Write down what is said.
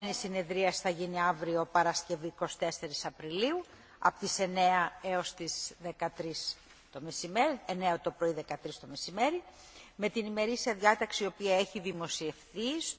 Η συνεδρία θα γίνει αύριο Παρασκευή 24 Απριλίου από τις 9 έως τις 13 το μεσημέρι, 9 το πρωί 13 το μεσημέρι, με την ημερήσια διάταξη η οποία έχει δημοσιευθεί